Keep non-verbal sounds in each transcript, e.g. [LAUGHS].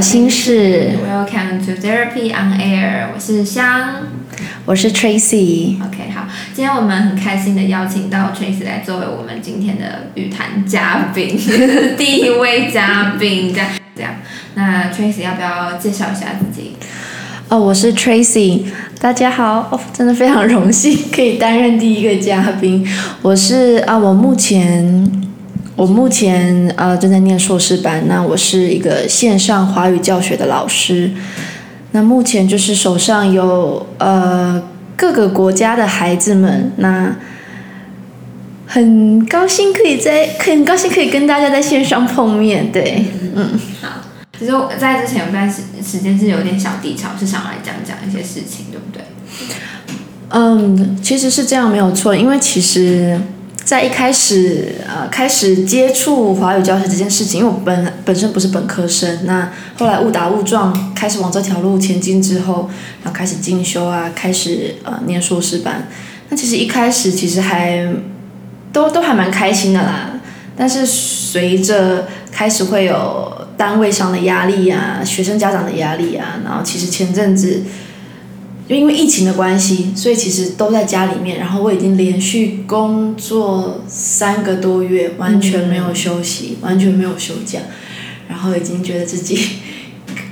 心室。Welcome to Therapy on Air。我是湘，我是 Tracy。OK，好，今天我們很開心的邀請到 Tracy 來作為我們今天的與談嘉賓， [LAUGHS] 第一位嘉賓。這樣，這樣。那 Tracy 要不要介紹一下自己？哦，我是 Tracy。大家好、哦，真的非常榮幸可以擔任第一個嘉賓。我是啊，我目前。我目前呃正在念碩士班，那我是一個線上華語教學的老師，那目前就是手上有呃各個國家的孩子們，那很高興可以在很高興可以跟大家在線上碰面對，嗯好，嗯其實我在之前有段時時間是有點小低潮，是想來講講一些事情，對不對？嗯，其實是這樣沒有錯，因為其實。在一開始，呃，開始接觸華語教學這件事情，因為我本本身不是本科生，那後來誤打誤撞開始往這條路前進之後，然後開始進修啊，開始呃念碩士班，那其實一開始其實還都都還蠻開心的啦，但是隨着開始會有單位上的壓力呀、啊、學生家長的壓力啊，然後其實前陣子。就因為疫情的關係，所以其實都在家裡面。然後我已經連續工作三個多月，完全沒有休息，嗯嗯完全沒有休假，然後已經覺得自己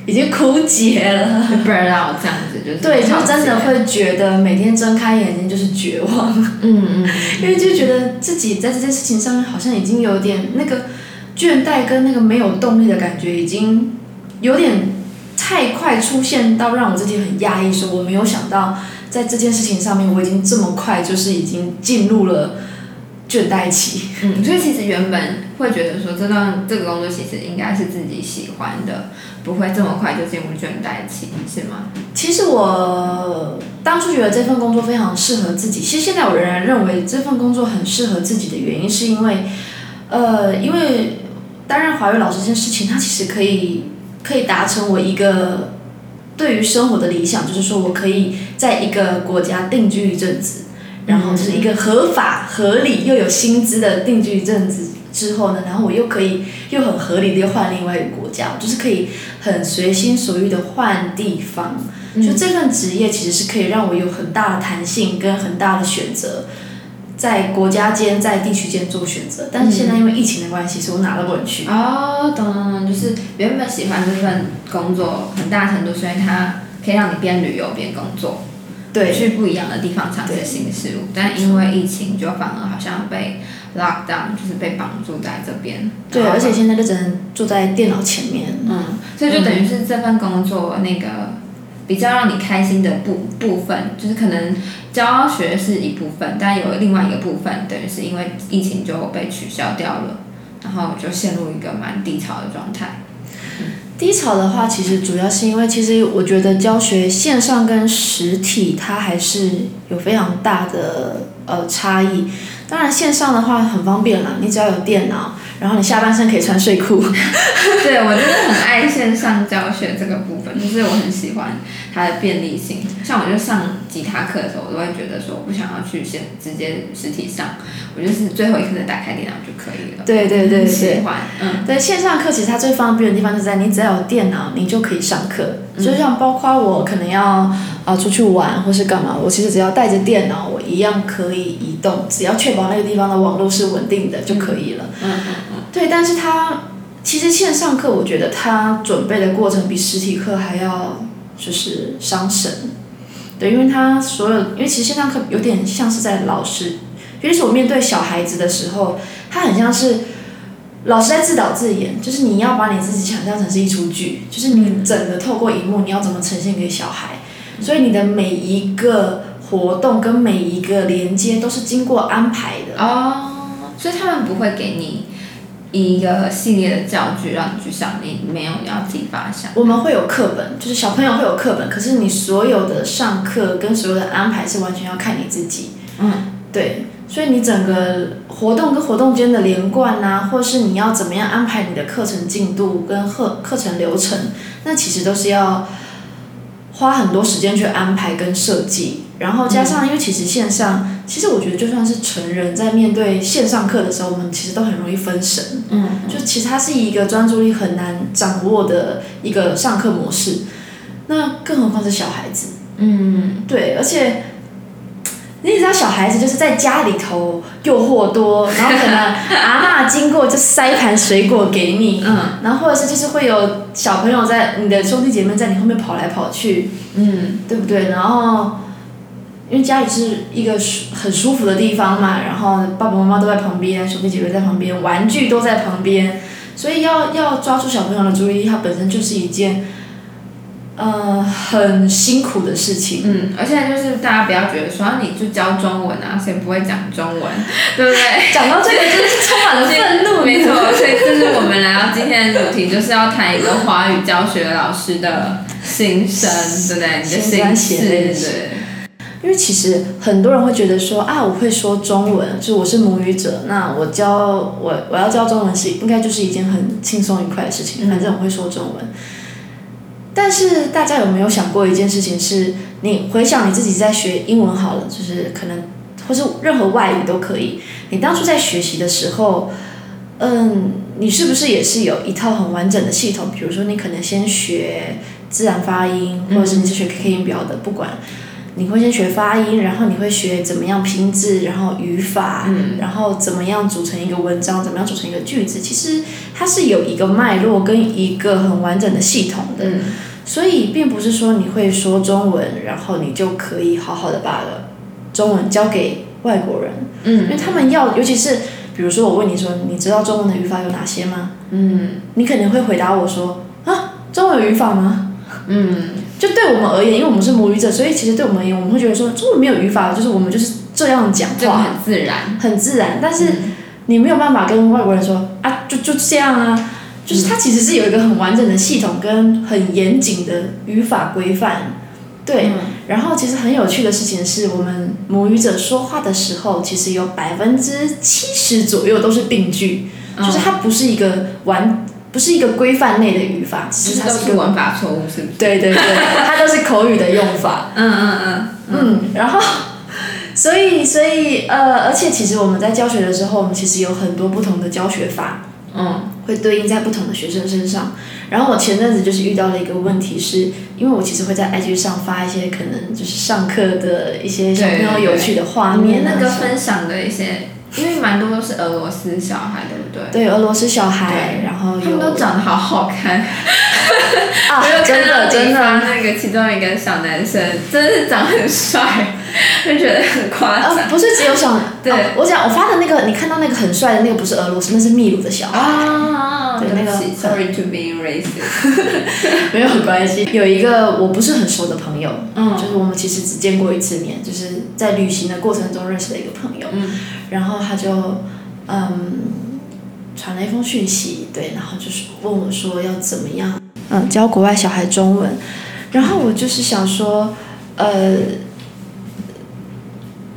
已經枯竭了。不知道這樣子就對，就真的會覺得每天睜開眼睛就是絕望。嗯嗯，嗯，嗯嗯，因為就覺得自己在這件事情上面好像已經有點那個倦怠，跟那個沒有動力的感覺，已經有點。太快出現到讓我自己很壓抑，所以我沒有想到在這件事情上面我已經這麼快就是已經進入了倦怠期。嗯，所以其實原本會覺得說，這段這個工作其實應該是自己喜歡的，不會這麼快就進入倦怠期，是嗎？其實我當初覺得這份工作非常適合自己，其實現在我仍然認為這份工作很適合自己的原因是因為，呃，因為擔任華語老師這件事情，它其實可以。可以達成我一個對於生活的理想，就是說我可以在一個國家定居一陣子，嗯、然後就是一個合法、合理又有薪資的定居一陣子之後呢，然後我又可以又很合理的又換另外一個國家，就是可以很隨心所欲的換地方。嗯、就這份職業其實是可以讓我有很大的彈性跟很大的選擇，在國家間、在地區間做選擇，但是現在因為疫情的關係，嗯、所以我哪都不能去。哦，懂懂懂，就是原本喜歡這份工作，很大程度所以它可以讓你邊旅遊邊工作，對，去不一樣的地方，嘗試些新事物。但因為疫情，就反而好像被 lock down，就是被綁住在這邊。對，而且現在就只能坐在電腦前面。嗯，嗯所以就等於是這份工作、嗯、那個。比較讓你開心的部部分，就是可能教學是一部分，但有另外一個部分，等於是因為疫情就被取消掉了，然後就陷入一個蠻低潮的狀態。低潮的話，其實主要是因為，其實我覺得教學線上跟實體它還是有非常大的呃差異。當然線上的話很方便啦，你只要有電腦，然後你下半身可以穿睡褲。 [LAUGHS] 對，我真的很愛線上教學這個部分，就是我很喜歡它的便利性。像我就上吉他課的時候，我都會覺得說我不想要去線直接實體上，我就是最後一刻再打開電腦就可以了。對對對對。對對對喜歡。對嗯。對，線上課其實它最方便的地方就是在你只要有電腦，你就可以上課。嗯，就像包括我可能要啊出去玩或是幹嘛，我其實只要帶着電腦，我一樣可以移動，只要確。那個地方的網絡是穩定的就可以了。嗯，嗯，嗯。對，但是他其實線上課，我覺得他準備的過程比實體課還要就是傷神。對，因為他所有，因為其實線上課有點像是在老師，比如說我面對小孩子的時候，他很像是老師在自導自演，就是你要把你自己想象成是一出劇，就是你整個透過熒幕，你要怎麼呈現給小孩，所以你的每一個。活動跟每一個連接都是經過安排的哦，oh, 所以他們不會給你以一個系列的教具讓你去想，你沒有要自己發想。我們會有課本，就是小朋友會有課本，可是你所有的上課跟所有的安排是完全要看你自己。嗯。對，所以你整個活動跟活動間的連貫吶、啊，或是你要怎麼樣安排你的課程進度跟課課程流程，那其實都是要花很多時間去安排跟設計。然後加上，因為其實線上，其實我覺得就算是成人，在面對線上課的時候，我們其實都很容易分神。嗯。就其實它是一個專注力很難掌握的一個上課模式，那更何況是小孩子。嗯，對，而且，你知道小孩子就是在家裡頭誘惑多，然後可能阿嬤經過就塞盤水果給你，嗯，然後或者是就是會有小朋友在你的兄弟姐妹在你後面跑來跑去，嗯，對不對？然後。因為家裡是一個很舒服的地方嘛，然後爸爸媽媽都在旁邊，兄弟姐妹在旁邊，玩具都在旁邊，所以要要抓住小朋友的注意力，它本身就是一件，呃，很辛苦的事情。嗯，而且就是大家不要覺得說，啊你就教中文啊，誰不會講中文，對不對？講到這個，真的是充滿了憤怒。沒錯，所以就是我們來到今天的主題，就是要談一個華語教學老師的心聲，對不對？你的心事。因為其實很多人會覺得說啊，我會說中文，就是、我是母語者，那我教我我要教中文是應該就是一件很輕鬆愉快的事情，反正我會說中文。但是大家有沒有想過一件事情是，是你回想你自己在學英文好了，就是可能或是任何外語都可以。你當初在學習的時候，嗯，你是不是也是有一套很完整的系統？比如說你可能先學自然發音，或者是你是學 KK 音標的，嗯，不管。你會先學發音，然後你會學怎麼樣拼字，然後語法，嗯、然後怎麼樣組成一個文章，怎麼樣組成一個句子。其實它是有一個脈絡跟一個很完整的系統的，嗯、所以並不是說你會說中文，然後你就可以好好的把中文教給外國人。嗯，因為他們要，尤其是比如說我問你說，你知道中文的語法有哪些嗎？嗯，你肯定會回答我說啊，中文有語法嗎？嗯，就對我們而言，因為我們是母語者，所以其實對我們而言，我們會覺得說，中文沒有語法？就是我們就是這樣講話，很自然，很自然。但是你沒有辦法跟外國人說啊，就就這樣啊，就是它其實是有一個很完整的系統跟很嚴謹的語法規範。對，嗯、然後其實很有趣的事情是，我們母語者說話的時候，其實有百分之七十左右都是病句，嗯、就是它不是一個完。不是一個規範內的語法，其實、嗯、它是一個文法錯誤，是，是對，對對， [LAUGHS] 它都是口語的用法。嗯嗯嗯。嗯，嗯嗯然後，所以所以呃，而且其實我們在教學的時候，我們其實有很多不同的教學法。嗯。會對應在不同的學生身上。然後我前陣子就是遇到了一個問題是，是因為我其實會在 IG 上發一些可能就是上課的一些小朋友有趣的畫面，對那個分享的一些。因為蠻多都是俄羅斯小孩，對不對？對，俄羅斯小孩，然後他們都長得好好看。啊，真的，真的，那個其中一個小男生，真的是長很帥，我覺得很誇張。不是只有小，對我講，我發的那個，你看到那個很帥的那個，不是俄羅斯，那是秘魯的小孩。啊。Sorry to be racist。沒有關係。有一個我不是很熟的朋友，嗯，就是我們其實只見過一次面，就是在旅行的過程中認識的一個朋友，嗯，然後他就嗯傳了一封訊息，對，然後就是問我說要怎麼樣，嗯，教國外小孩中文，然後我就是想說，呃，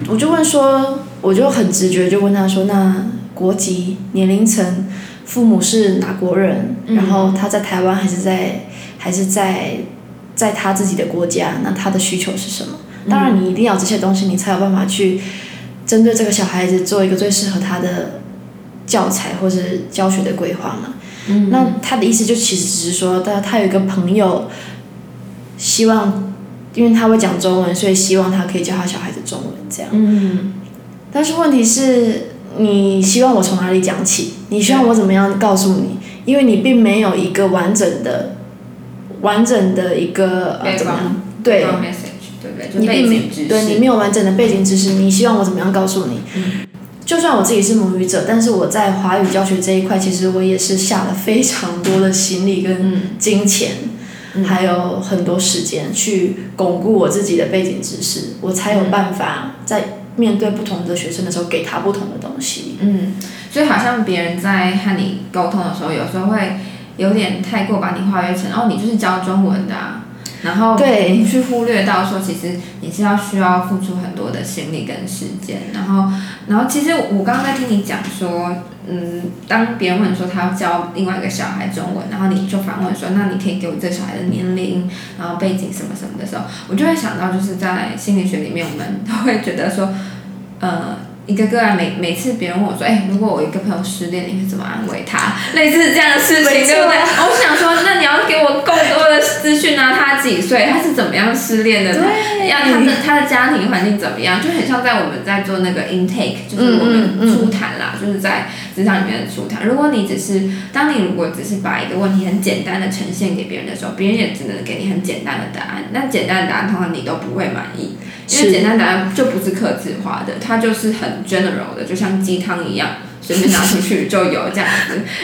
我就問說，我就很直覺就問他說，那國籍、年齡層。父母是哪國人？然後他在台灣還是在、嗯、還是在在他自己的國家？那他的需求是什麼？嗯、當然，你一定要這些東西，你才有辦法去針對這個小孩子做一個最適合他的教材或者教學的規劃嘛。嗯、那他的意思就其實只是說，他他有一個朋友，希望，因為他會講中文，所以希望他可以教他小孩子中文這樣。嗯，嗯但是問題是。你希望我從哪裡講起？你希望我怎麼樣告訴你？對因為你並沒有一個完整的、完整的一個呃方、啊，怎麼對 message 對不對？你並對你沒有完整的背景知識，你希望我怎麼樣告訴你？嗯、就算我自己是母語者，但是我在華語教學這一塊，其實我也是下了非常多的心力跟金錢，嗯、還有很多時間去鞏固我自己的背景知識，我才有辦法在，嗯面對不同的學生的時候，給他不同的東西。嗯，所以好像別人在和你溝通的時候，有時候會有點太過把你化約成，哦，你就是教中文的啊。然後你去忽略到說，對其實你是要需要付出很多的心力跟時間。然後，然後其實我剛剛在聽你講說，嗯，當別人問說他要教另外一個小孩中文，然後你就反問說，那你可以給我這小孩的年齡、然後背景什麼什麼的時候，我就會想到就是在心理學裡面，我們都會覺得說，呃。一個個啊，每每次別人問我說，哎、欸，如果我一個朋友失戀，你會怎麼安慰他？類似這樣的事情，對對、啊。我想說，那你要給我更多的資訊啊！他幾歲？他是怎麼樣失戀的？對。他嗯、要他的他的家庭環境怎麼樣？就很像在我們在做那個 intake，就是我們初談啦，嗯嗯嗯就是在職場裡面的初談。如果你只是當你如果只是把一個問題很簡單的呈現給別人的時候，別人也只能給你很簡單的答案。那簡單的答案通常你都不會滿意。因為簡單答案就不是客製化的，它就是很 general 的，就像雞湯一樣，隨便拿出去就有這樣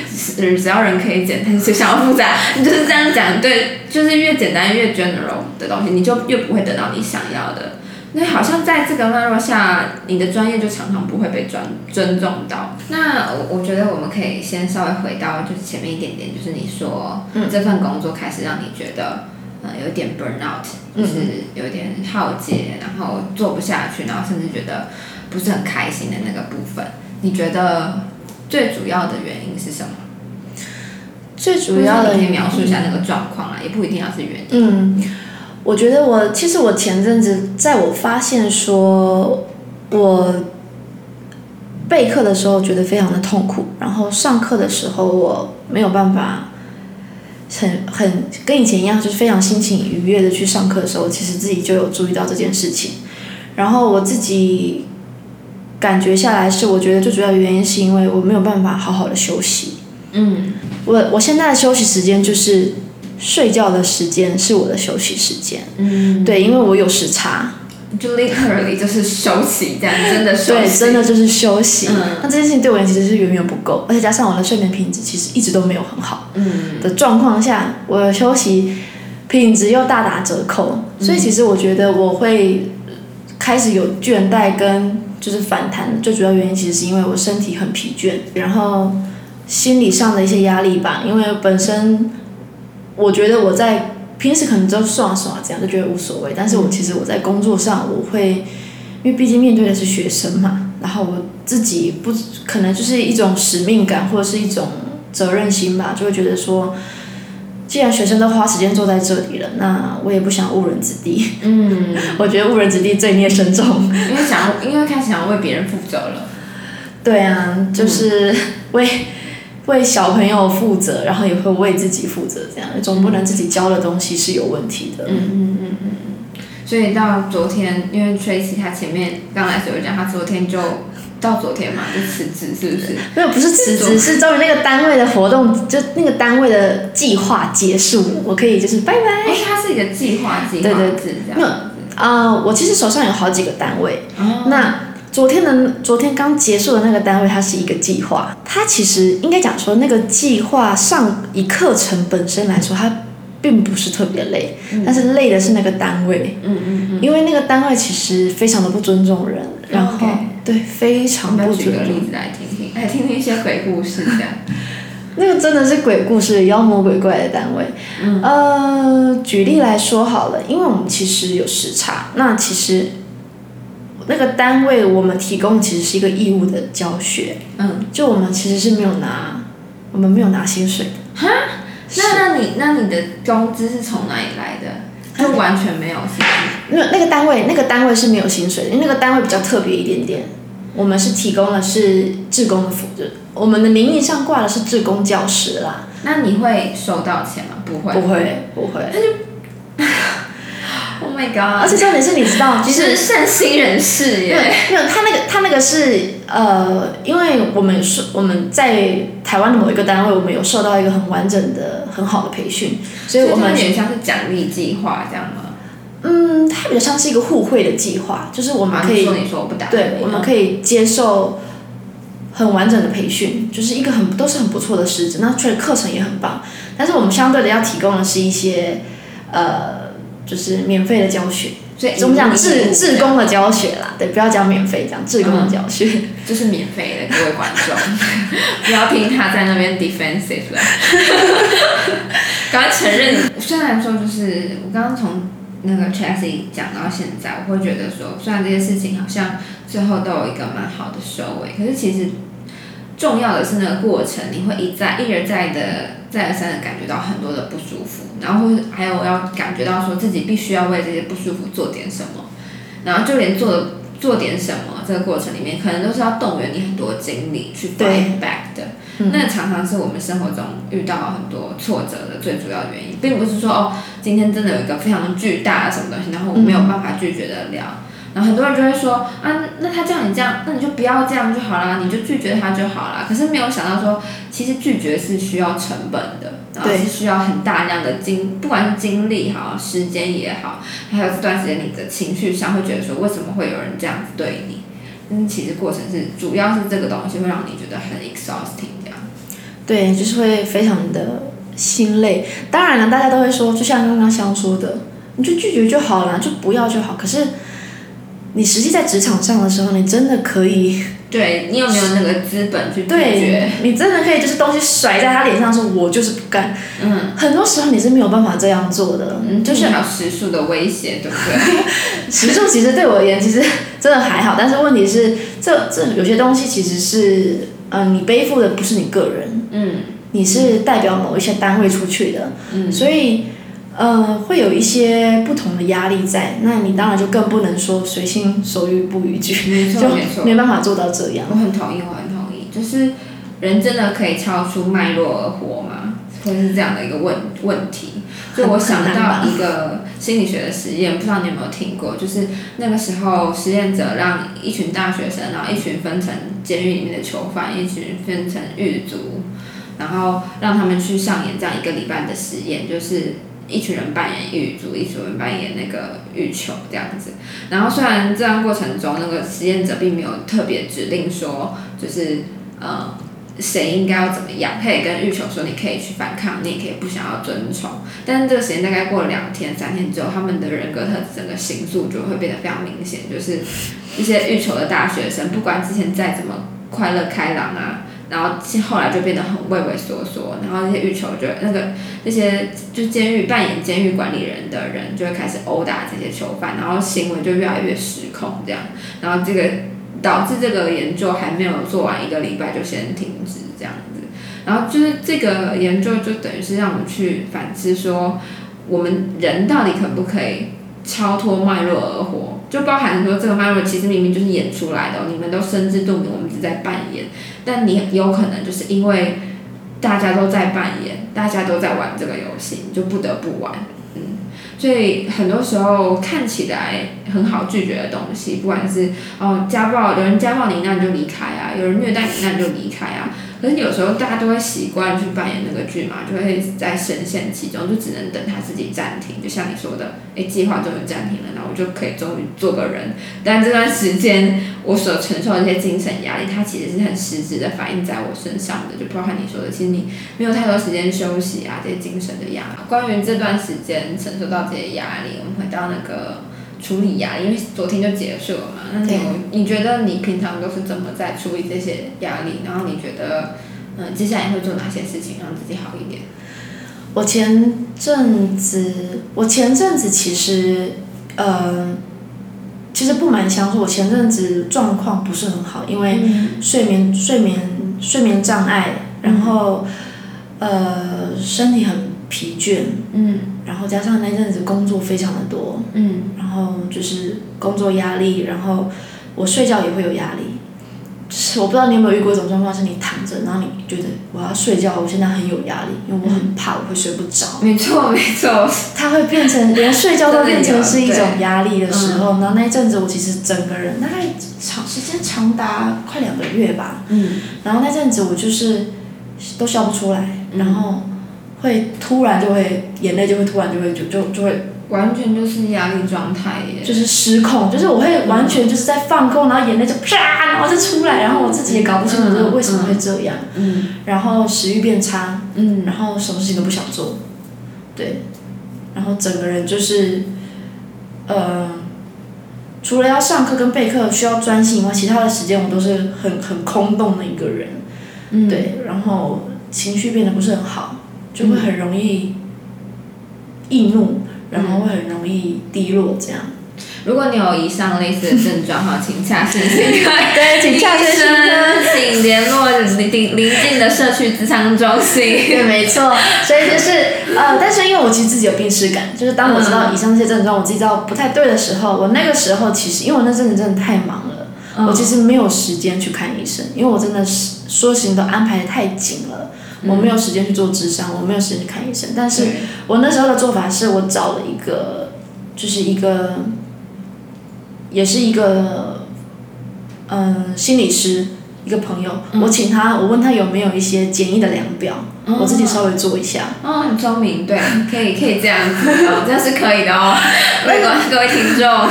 子。嗯， [LAUGHS] 只要人可以簡單，就想要複雜，你就是這樣講對？就是越簡單越 general 的東西，你就越不會得到你想要的。那好像在這個脈絡下，你的專業就常常不會被尊尊重到。那我我覺得我們可以先稍微回到就是前面一點點，就是你說、嗯、這份工作開始讓你覺得。有一點 burnout，就是有點耗竭，嗯嗯，然後做不下去，然後甚至覺得不是很開心的那個部分，你覺得最主要的原因是什麼？最主要的原因你描述一下那個狀況啊，嗯、也不一定要是原因。嗯，我覺得我其實我前陣子在我發現說我備課的時候覺得非常的痛苦，然後上課的時候我沒有辦法。很很跟以前一樣，就是非常心情愉悅的去上課的時候，其實自己就有注意到這件事情。然後我自己感覺下來是，我覺得最主要的原因是因為我沒有辦法好好的休息。嗯，我我現在的休息時間就是睡覺的時間，是我的休息時間。嗯，對，因為我有時差。就 literally 就是休息，這樣 [LAUGHS] 真的休息。對，真的就是休息。那、嗯、這件事情對我而言其實是遠遠不夠，而且加上我的睡眠品質其實一直都沒有很好。嗯。的狀況下，我的休息品質又大打折扣，所以其實我覺得我會開始有倦怠，跟就是反彈。嗯、最主要原因其實是因為我身體很疲倦，然後心理上的一些壓力吧，因為本身我覺得我在。平時可能就耍耍這樣就覺得無所謂，但是我其實我在工作上我會，因為畢竟面對的是學生嘛，然後我自己不可能就是一種使命感或者是一種責任心吧，就會覺得說，既然學生都花時間坐在這裡了，那我也不想誤人子弟。嗯， [LAUGHS] 我覺得誤人子弟罪孽深重，因為想要，因為開始想要為別人負責了。對啊，就是為。嗯為小朋友負責，然後也會為自己負責，這樣總不能自己教的東西是有問題的。嗯嗯嗯嗯。所以到昨天，因為 Tracy 他前面剛來的時候講，他昨天就到昨天嘛就辭職，是不是？沒有，不是辭職，是，是終於那個單位的活動就那個單位的計劃結束，對我可以就是拜拜。因為他是一個計劃，計劃。對對對，這樣。沒有啊，我其實手上有好幾個單位，哦，那。昨天的昨天剛結束的那個單位，它是一個計劃。它其實應該講說，那個計劃上一課程本身來說，它並不是特別累，嗯、但是累的是那個單位。嗯嗯嗯。因為那個單位其實非常的不尊重人，嗯嗯嗯，然後 Okay 對，非常不尊重人。舉個例子來聽聽，來、哎、聽聽一些鬼故事這樣。 [LAUGHS] 那個真的是鬼故事，妖魔鬼怪的單位。嗯。呃，舉例來說好了，嗯、因為我們其實有時差，那其實。那個單位我們提供其實是一個義務的教學，嗯，就我們其實是沒有拿，我們沒有拿薪水。哈，那是那你那你的工資是從哪裡來的？就完全沒有薪水。那那個單位，那個單位是沒有薪水，因為那個單位比較特別一點點。我們是提供的是志工的服務，我們的名義上掛的是志工教師啦。那你會收到錢嗎？不會，不會，不會。那就。Oh my God, 而且重點是，你知道，其實善心是人士耶，沒有，沒有他那個，他那個是呃，因為我們是我們在台灣的某一個單位，我們有受到一個很完整的、很好的培訓，所以我們有點像是獎勵計劃這樣嗎？嗯，它比較像是一個互惠的計劃，就是我們可以，啊、你說你說對，我們可以接受很完整的培訓，就是一個很都是很不錯的師資，那確實課程也很棒，但是我們相對的要提供的是一些呃。就是免費的教學，所以我們講志志工的教學啦，嗯、對，不要講免費，講志工的教學就是免費的各位觀眾， [LAUGHS] 不要聽他在那邊 defensive 啦。剛 [LAUGHS] 承認， [LAUGHS] 雖然說就是我剛剛從那個 Tracy 講到現在，我會覺得說，雖然這件事情好像最後都有一個蠻好的收尾，欸，可是其實重要的是那個過程，你會一再一而再的。再而三的感覺到很多的不舒服，然後還有要感覺到說自己必須要為這些不舒服做點什麼，然後就連做做點什麼這個過程裡面，可能都是要動員你很多精力去對，fight back 的。嗯，那常常是我們生活中遇到很多挫折的最主要原因，並不是說哦，今天真的有一個非常巨大的什麼東西，然後我沒有辦法拒絕得了。嗯然後很多人就會說啊，那他叫你這樣，那你就不要這樣就好了，你就拒絕他就好了。可是沒有想到說，其實拒絕是需要成本的，對，是需要很大量的精，對不管是精力哈，時間也好，還有這段時間你的情緒上會覺得說，為什麼會有人這樣子對你？嗯，其實過程是主要是這個東西會讓你覺得很 exhausting，這樣。對，就是會非常的心累。當然了，大家都會說，就像剛剛湘說的，你就拒絕就好了，就不要就好。可是。你實際在職場上的時候，你真的可以，對你有沒有那個資本去拒絕？對，你真的可以，就是東西甩在他臉上說我就是不幹，嗯，很多時候你是沒有辦法這樣做的，就是、嗯，就是時數的威脅，對不對？ [LAUGHS] 時數其實對我而言，其實真的還好，但是問題是，這這有些東西其實是，嗯、呃，你背負的不是你個人，嗯，你是代表某一些單位出去的，嗯，所以。呃，會有一些不同的壓力在，那你當然就更不能說隨心所欲不逾矩，嗯，就沒辦法做到這樣，嗯。我很同意，我很同意，就是人真的可以超出脈絡而活嗎？會是這樣的一個問問題？就我想到一個心理學的實驗，不知道你有沒有聽過？就是那個時候，實驗者讓一群大學生，然後一群分成監獄裡面的囚犯，一群分成獄卒，然後讓他們去上演這樣一個禮拜的實驗，就是。一群人扮演獄卒，一群人扮演那個獄囚，這樣子。然後雖然這樣過程中，那個實驗者並沒有特別指令說，就是呃誰應該要怎麼樣。他也跟獄囚說，你可以去反抗，你也可以不想要遵從。但是這個實驗大概過了兩天三天之後，他們的人格特徵的形塑就會變得非常明顯，就是一些獄囚的大學生，不管之前再怎麼快樂開朗啊。然後後來就變得很畏畏縮縮，然後那些獄囚就那個那些就監獄扮演監獄管理人的人就會開始毆打這些囚犯，然後行為就越來越失控這樣，然後這個導致這個研究還沒有做完一個禮拜就先停止這樣子，然後就是這個研究就等於是讓我們去反思說，我們人到底可不可以？超脫脈絡而活，就包含說這個脈絡其實明明就是演出來的，哦，你們都心知肚明，我們一直在扮演。但你有可能就是因為大家都在扮演，大家都在玩這個遊戲，你就不得不玩。嗯，所以很多時候看起來很好拒絕的東西，不管是哦家暴，有人家暴你，那你就離開啊，有人虐待你，那你就離開啊。可是有時候大家都會習慣去扮演那個劇嘛，就會在深陷其中，就只能等他自己暫停。就像你說的，哎，計劃終於暫停了，那我就可以終於做個人。但這段時間我所承受的這些精神壓力，它其實是很實質的反映在我身上的。就包含你說的，其實你沒有太多時間休息啊，這些精神的壓力。關於這段時間承受到這些壓力，我們回到那個。處理壓力，因為昨天就結束了嘛。那你，對你覺得你平常都是怎麼在處理這些壓力？然後你覺得，嗯，接下來會做哪些事情讓自己好一點？我前陣子，我前陣子其實，嗯、呃，其實不瞞你說，我前陣子狀況不是很好，因為睡眠睡眠睡眠障礙，然後，呃，身體很疲倦。嗯。然後加上那陣子工作非常的多，嗯，然後就是工作壓力，然後我睡覺也會有壓力。就是我不知道你有沒有遇過一種狀況，是你躺着，然後你覺得我要睡覺，我現在很有壓力，因為我很怕我會睡不着。嗯、沒錯，沒錯。它會變成連睡覺都變成是一種壓力的時候，嗯嗯、然後那一陣子我其實整個人大概長時間長達快兩個月吧，嗯，然後那陣子我就是都笑不出來，嗯、然後。會突然就會眼淚就會突然就會就就就會完全就是壓力狀態耶，就是失控，就是我會完全就是在放空，嗯、然後眼淚就啪，然後就出來，然後我自己也搞不清楚、嗯、我為什麼會這樣。嗯，然後食慾變差。嗯，然後什麼事情都不想做。對，然後整個人就是，呃，除了要上課跟備課需要專心以外，其他的時間我都是很很空洞的一個人。嗯，對，然後情緒變得不是很好。就會很容易易怒，嗯、然後會很容易低落這樣。如果你有以上類似的症狀，哈， [LAUGHS] 請洽申請。對，請洽申請，聯絡就是 [LAUGHS] 臨近的社區諮商中心。對，沒錯。所以就是呃，但是因為我其實自己有病識感，就是當我知道以上這些症狀，嗯、我自己知道不太對的時候，我那個時候其實因為我那陣子真的太忙了，嗯、我其實沒有時間去看醫生，因為我真的是說行都安排得太緊了。我沒有時間去做諮商，嗯、我沒有時間去看醫生。但是我那時候的做法是，我找了一個，就是一個，也是一個，嗯、呃，心理師一個朋友，嗯、我請他，我問他有沒有一些簡易的量表，哦、我自己稍微做一下。哦，很聰明，對，可以，可以這樣子，這樣、 [LAUGHS] 哦就是可以的哦，沒關係 [LAUGHS] 對，各位聽眾。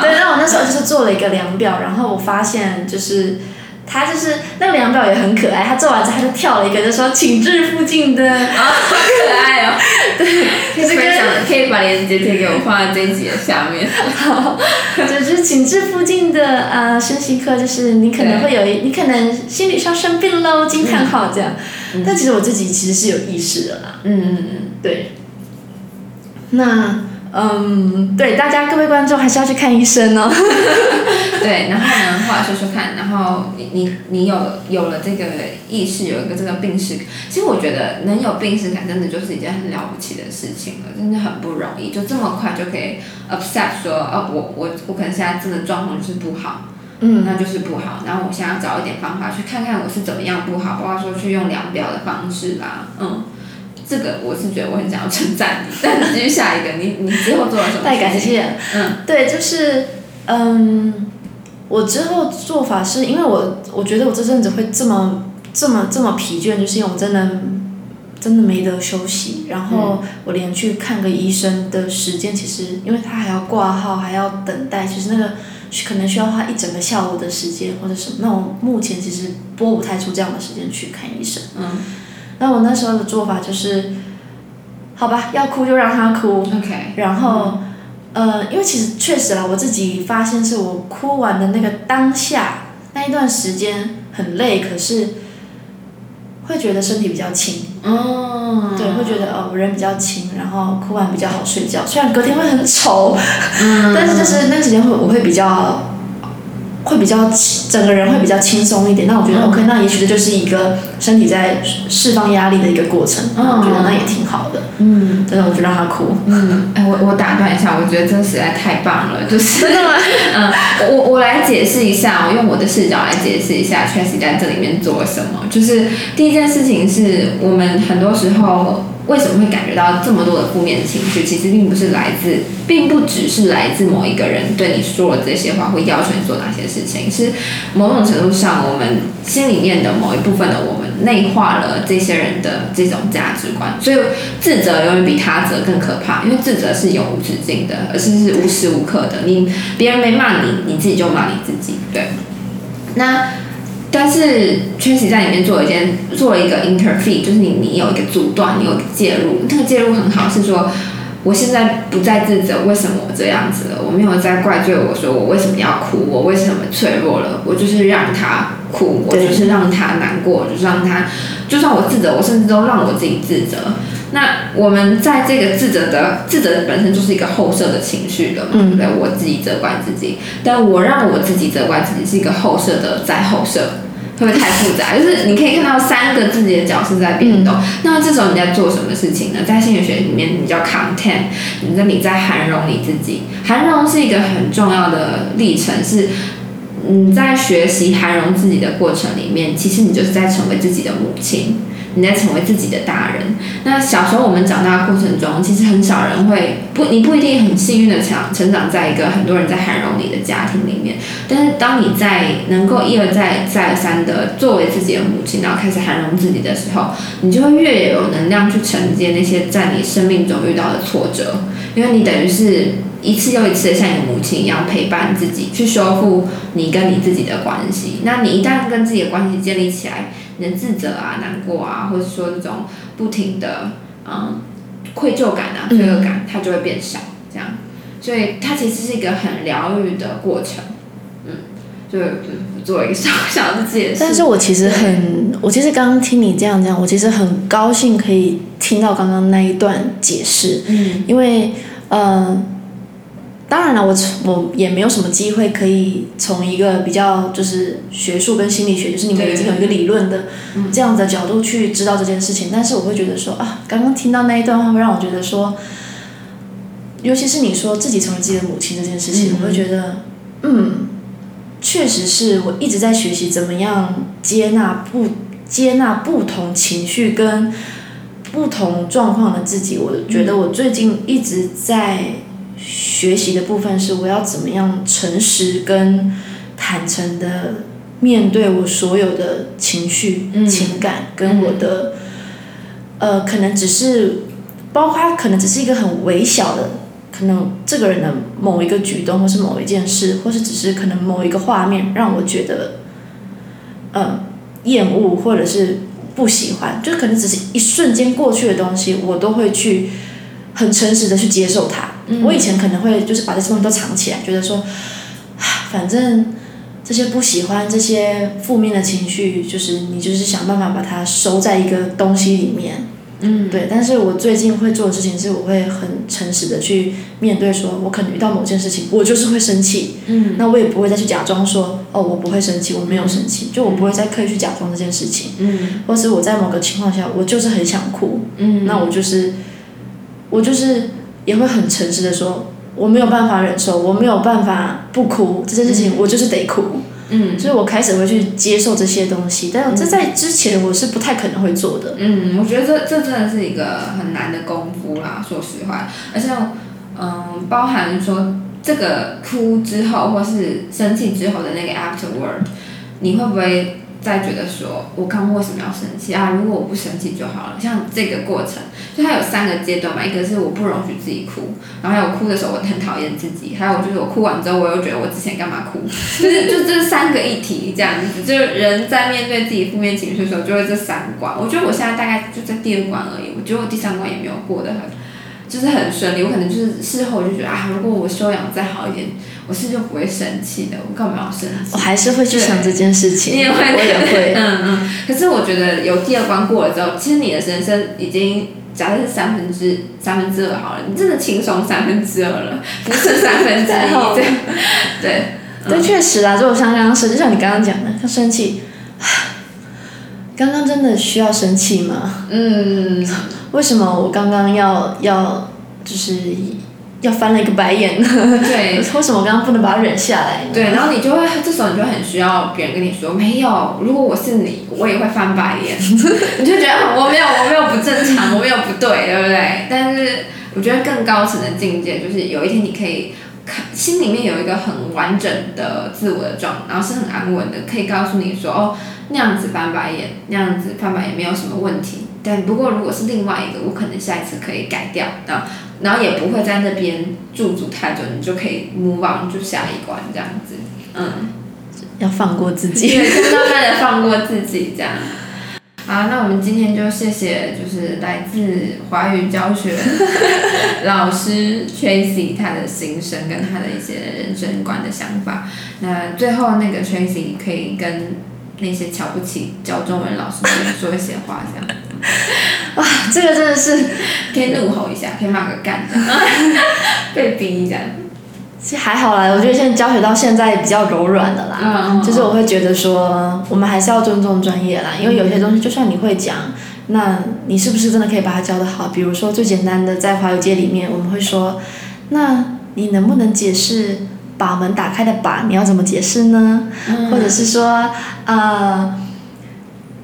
對，然後好我那時候就是做了一個量表，然後我發現就是。他就是那個量表也很可愛，他做完之後他就跳了一個，就說“請至附近的、哦”，好可愛哦。 [LAUGHS] 對，就是可以講，可以把鏈接貼給我放在這一節下面。對好，就是請至附近的啊，身、呃、心科就是你可能會有，對你可能心理上生病了，驚嘆號這樣。嗯、但其實我自己其實是有意識的啦。嗯嗯嗯，對。那。嗯，um, 對，大家各位觀眾還是要去看醫生哦。 [LAUGHS] [LAUGHS] 對，然後呢，話說說看，然後你你你有有了這個意識，有一個這個病史，其實我覺得能有病史感，真的就是一件很了不起的事情了，真的很不容易，就這麼快就可以 upset 說，哦，我我我可能現在真的狀況就是不好，嗯，那就是不好，然後我現在要找一點方法去看看我是怎麼樣不好，或者說去用量表的方式吧。嗯。這個我是覺得我很想要稱讚你，但繼續下一個，你你最後做了什麼？太感謝。嗯。對，就是嗯，我之後做法是因為我，我覺得我這陣子會這麼這麼這麼疲倦，就是因為我真的真的沒得休息，然後我連去看個醫生的時間，其實因為他還要掛號，還要等待，其實那個可能需要花一整個下午的時間，或者什麼。那我目前其實撥不太出這樣的時間去看醫生。嗯。那我那時候的做法就是，好吧，要哭就讓他哭。Okay. 然後，呃，因為其實確實啦，我自己發現是我哭完的那個當下那一段時間很累，可是會覺得身體比較輕。嗯、對，會覺得哦、呃，我人比較輕，然後哭完比較好睡覺。雖然隔天會很醜，嗯、但是就是那段時間會我會比較。會比較輕，整個人會比較輕鬆一點。那我覺得 OK，, okay. 那也許這就是一個身體在釋放壓力的一個過程。我、uh um. 覺得那也挺好的。嗯，真的，我就讓他哭。嗯，哎、欸，我我打斷一下，我覺得這實在太棒了，就是 [LAUGHS] 真的嗎？嗯，我我來解釋一下，我用我的視角來解釋一下 Tracy 在這裡面做了什麼。就是第一件事情是，我們很多時候。為什麼會感覺到這麼多的負面情緒？其實並不是來自，並不只是來自某一個人對你說了這些話，會要求你做哪些事情。是某種程度上，我們心裡面的某一部分的我們內化了這些人的這種價值觀，所以自責永遠比他責更可怕，因為自責是永無止境的，而是是無時無刻的。你別人沒罵你，你自己就罵你自己，對。那。但是 Tracy 在裡面做一件做了一個 interfere，就是你你有一個阻斷，你有一個介入。那個介入很好，是說我現在不再自責，為什麼我這樣子了？我沒有在怪罪我，說我為什麼要哭，我為什麼脆弱了？我就是讓他哭，我就是讓他難過，對就是讓他，就算我自責，我甚至都讓我自己自責。那我們在這個自責的自責本身就是一個後設的情緒的嘛，對對、嗯？我自己責怪自己，但我讓我自己責怪自己是一個後設的，在後設。會不會太複雜？就是你可以看到三個自己的角色在變動，那麼這時候你在做什麼事情呢？在心理學裡面，你叫 content，你在你在涵容你自己，涵容是一個很重要的歷程，是你在學習涵容自己的過程裡面，其實你就是在成為自己的母親。你在成為自己的大人。那小時候我們長大的過程中，其實很少人會不，你不一定很幸運的成成長在一個很多人在涵容你的家庭裡面。但是當你在能夠一而再、再而三的作為自己的母親，然後開始涵容自己的時候，你就會越有能量去承接那些在你生命中遇到的挫折，因為你等於是一次又一次的像你母親一樣陪伴自己，去修復你跟你自己的關係。那你一旦跟自己的關係建立起來，能自責啊、難過啊，或者說那種不停的嗯愧疚感啊、罪惡、嗯、感，它就會變少，這樣。所以它其實是一個很療癒的過程，嗯，就，就做一做一小小的自己的事。但是我其實很，對我其實剛剛聽你這樣講，我其實很高興可以聽到剛剛那一段解釋，嗯，因為嗯。呃當然了，我從我也沒有什麼機會可以從一個比較就是學術跟心理學就是你們已經有一個理論的這樣的角度去知道這件事情，但是我會覺得說啊，剛剛聽到那一段話會讓我覺得說，尤其是你說自己成為自己的母親這件事情，我會覺得嗯，確實是我一直在學習怎麼樣接納不接納不同情緒跟不同狀況的自己，我覺得我最近一直在。學習的部分是，我要怎麼樣誠實跟坦誠的面對我所有的情緒、情感跟我的，呃，可能只是包括可能只是一個很微小的，可能這個人的某一個舉動，或是某一件事，或是只是可能某一個畫面，讓我覺得，呃，厭惡或者是不喜歡，就可能只是一瞬間過去的東西，我都會去很誠實的去接受它。我以前可能會就是把這些東西都藏起來，覺得說，反正這些不喜歡、這些負面的情緒，就是你就是想辦法把它收在一個東西裡面。嗯。對，但是我最近會做的事情是，我會很誠實的去面對說，說我可能遇到某件事情，我就是會生氣。嗯。那我也不會再去假裝說，哦，我不會生氣，我沒有生氣，嗯、就我不會再刻意去假裝這件事情。嗯。或是我在某個情況下，我就是很想哭。嗯。那我就是，我就是。也會很誠實的說，我沒有辦法忍受，我沒有辦法不哭，這件事情我就是得哭。嗯，所以我開始會去接受這些東西，嗯、但這在之前我是不太可能會做的。嗯，我覺得這這真的是一個很難的功夫啦，說實話，而且嗯，包含說這個哭之後或是生氣之後的那個 afterward，你會不會？再覺得說，我剛為什麼要生氣啊？啊如果我不生氣就好了。像這個過程，就它有三個階段嘛。一個是我不容許自己哭，然後我哭的時候我很討厭自己，還有就是我哭完之後我又覺得我之前幹嘛哭，就是就這三個議題這樣子。就人在面對自己負面情緒的時候，就會這三關。我覺得我現在大概就在第二關而已，我覺得我第三關也沒有過得很，就是很順利。我可能就是事後我就覺得啊，如果我修養我再好一點。我是就不會生氣的，我幹嘛要生氣？我還是會去想這件事情。你也會，我也會。嗯嗯。可是我覺得有第二關過了之後，其實你的人生已經假設是三分之三分之二好了，你真的輕鬆三分之二了，不是三分之一 [LAUGHS] 對。對對，但確、嗯、實啊，就我剛剛，說，就像你剛剛講的，他生氣，唉，剛剛真的需要生氣嗎？嗯。為什麼我剛剛要要就是？要翻了一個白眼，對，呵呵，為什麼我剛剛不能把它忍下來？對，然後你就會，這時候你就很需要別人跟你說，沒有，如果我是你，我也會翻白眼， [LAUGHS] 你就覺得 [LAUGHS] 我沒有，我沒有不正常， [LAUGHS] 我沒有不對，對不對？但是我覺得更高層的境界就是有一天你可以看心裡面有一個很完整的自我的狀態，然後是很安穩的，可以告訴你說，哦，那樣子翻白眼，那樣子翻白眼沒有什麼問題，但不過如果是另外一個，我可能下一次可以改掉然後也不會在那邊駐足太久，你就可以 move on 就下一關這樣子，嗯，要放過自己， [LAUGHS] 對，慢慢的放過自己這樣。好，那我們今天就謝謝，就是來自華語教學的老師 Tracy [LAUGHS] 她的心聲跟她的一些人生觀的想法。那最後那個 Tracy 可以跟那些瞧不起教中文的老師說一些話這樣，哇、 [LAUGHS] 啊，這個真的是可以怒吼一下，可以罵個幹的， [LAUGHS] 被逼一下。其實還好啦，我覺得現在教學到現在比較柔軟的啦，嗯、哦哦哦就是我會覺得說，我們還是要尊重專業啦，因為有些東西就算你會講，嗯嗯那你是不是真的可以把它教得好？比如說最簡單的，在華語界裡面，我們會說，那你能不能解釋？把門打開的把，你要怎麼解釋呢？嗯、或者是說，呃，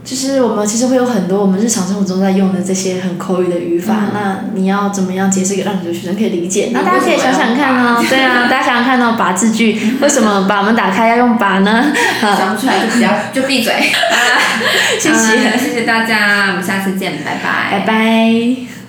就是我們其實會有很多我們日常生活中在用的這些很口語的語法，嗯、那你要怎麼樣解釋給讓你的學生可以理解？那大家可以想，想想看哦。 [LAUGHS] 對啊，大家想想看、哦，那把字句為什麼把門打開要用把呢？想不出來就不要 [LAUGHS] 就閉嘴。 [LAUGHS] 啦謝謝，謝謝大家，我們下次見，拜拜，拜拜。